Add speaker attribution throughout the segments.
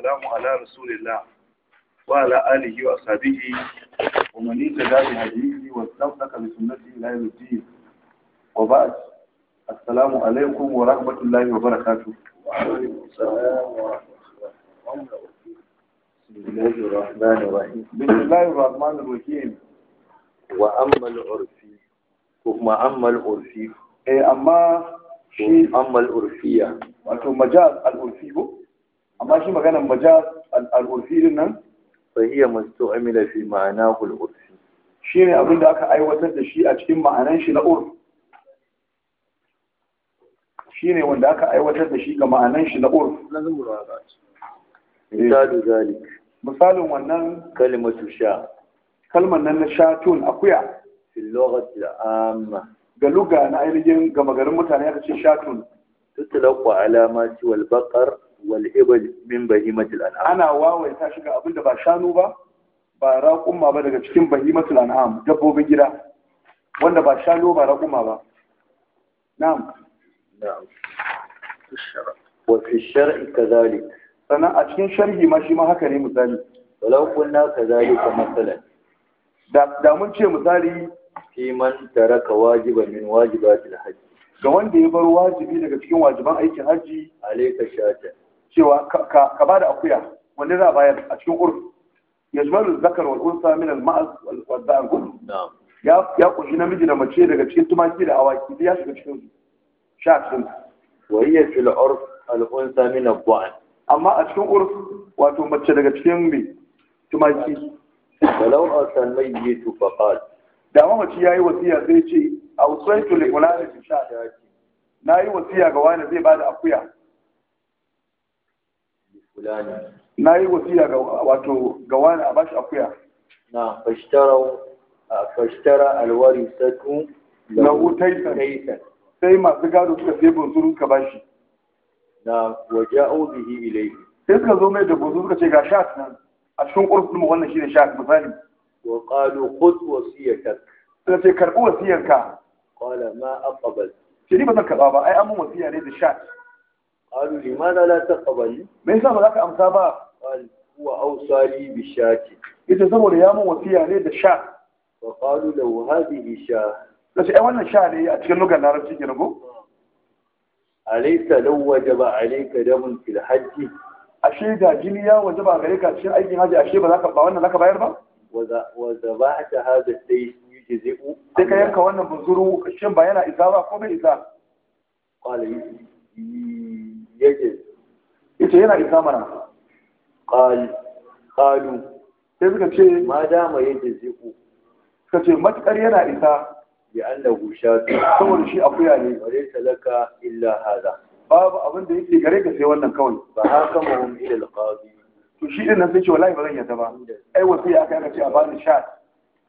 Speaker 1: والسلام على رسول الله وعلى آله وأصحابه ومن اهتدى بهديه واستمسك بسنته إلى يوم الدين وبعد السلام عليكم ورحمة الله وبركاته وعليكم السلام ورحمة الله بسم الله الرحمن الرحيم بسم الله الرحمن الرحيم وأما العرفي وما أما العرفي إيه أما shi ammal urfiya wato majaz amma shi maganar majaz al'urfi din nan fa hiya Amina fi ma'ana al-urfi shine abin da aka aiwatar da shi a cikin ma'anan shi na urf shine wanda aka aiwatar da shi ga ma'anan shi na urf eh. misalu zalik misalin wannan kalmatu sha kalman nan na tun akuya fil lughati amma ga lugha na ainihin gama garin mutane aka ce tun tutlaqu alamati wal baqar wal’ibar ibl min bahimatil an'am ana wawai ta shiga abin da ba shanu ba ba raƙumma ba daga cikin bahimatul an'am dabbobin gida wanda ba shanu ba raƙumma ba na'am na'am wa fi ka kadhalik sannan a cikin sharhi ma shi ma haka ne misali walau kunna kadhalika masalan da da mun ce misali fi man taraka wajiba min wajibatil hajj ga wanda ya bar wajibi daga cikin wajiban aikin hajji alayka shata cewa ka ba da akuya wanne za a bayar a cikin urf ya jimalu zakar wal unsa min al ma'az wal da'an kullu ya ya kunshi namiji da mace daga cikin tumaki da awaki ya shiga cikin sha cikin wa hiya fil urf al unsa min al da'an amma a cikin urf wato mace daga cikin me tumaki walau asal mayyitu faqal da mamaci yayi wasiya sai ce a usaitu li ulani sha na yi wasiya ga wani zai bada akuya na yi wasiya ga wato ga wani a bashi akuya na fashtara alwari satu lahu taisan sai masu gado suka sai bunzuru suka bashi na waje bihi ilayhi sai suka zo mai da bunzuru suka ce ga shat nan a cikin ƙurfin mu wannan shine shat misali wa qalu khudh wasiyatak suka ce karbi wasiyarka qala ma aqbal shi ba zan karba ba ai an mun wasiya ne da shat قالوا لماذا لا تقبل me yasa ba za ka amsa ba qal huwa awsali bi shati ita saboda ya mun wasiya ne da sha wa qalu law hadhihi sha kace ai wannan sha ne a cikin lugar larabci kenan ko alaysa law wajaba alayka damun fil ashe da jini ya wajaba gare ka cikin aikin haji ashe ba za ka ba wannan zaka bayar ba wa zabahta hadha sayyi yujzi'u sai ka yanka wannan bunzuru shin ba yana isa ba ko bai isa qala yake ita yana isa mana ƙalu sai suka ce ma dama yake ziku suka ce matuƙar yana isa bi annahu shatu saboda shi akuya ne bare talaka illa hada babu abin da yake gare ka sai wannan kawai ba haka mahum ila alqadi to shi din nan sai ce wallahi ba zan yadda ba ai wasu aka kai ce a bani shat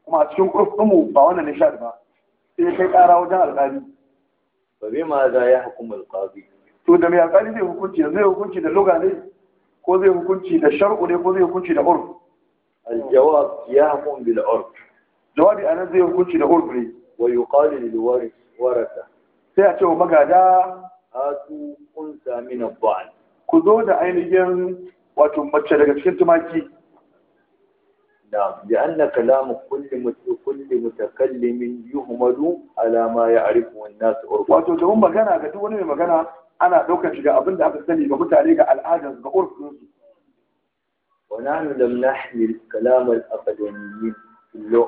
Speaker 1: kuma a cikin kurfin ba wannan ne shat ba sai kai ƙara wajen alqadi fa bima za ya hukum alqadi to da mai alƙali zai hukunci da zai hukunci da luga ne ko zai hukunci da sharku ne ko zai hukunci da urf al ya hukun bil urf jawabi anan zai hukunci da urf ne wa yuqalu lil waris warasa sai a ce wa magada atu unsa min al-ba'd ku zo da ainihin wato mace daga cikin tumaki Da نعم لأن كلام كل كل متكلم يهمل على ما يعرفه magana ga duk wani كتوني magana. ana ɗaukar shiga ga abin da aka sani ga mutane ga al'adar ga urfinsu ونحن لم نحمل kalamar الأقدميين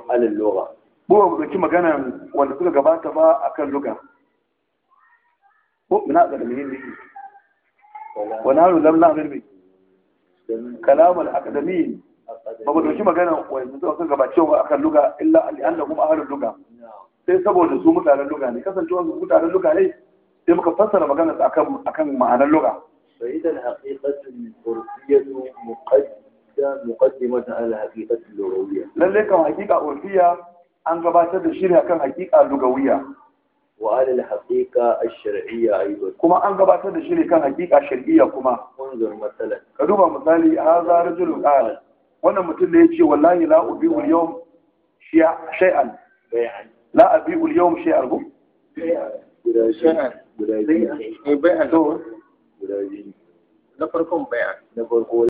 Speaker 1: على اللغة mu ba mu ɗauki magana wanda suka gabata ba a kan luga ko ina da dalilin ne wani haru lamla ne kalamar akadami ba mu ɗauki magana wanda suka gabace ba a kan luga illa al'adda kuma a harin luga sai saboda su mutanen luga ne kasancewa su mutanen luga ne sai muka fassara maganar sa akan akan ma'anar lugha fa idan haqiqatul urfiyyatu muqaddam muqaddimatan ala haqiqatil lughawiyya lalle kan haqiqa urfiyya an gabatar da shirya kan haqiqa lugawiyya wa ala al-haqiqa ash-shar'iyya aidan kuma an gabatar da shirya kan haqiqa shar'iyya kuma unzur masalan ka duba misali hadha rajulun qala wannan mutum ne yace wallahi la ubi'u al-yawm shay'an la ubi'u al-yawm shay'an guda shay'an guda biyu. Eh, bai guda biyu. Na farkon bai'a. Na farko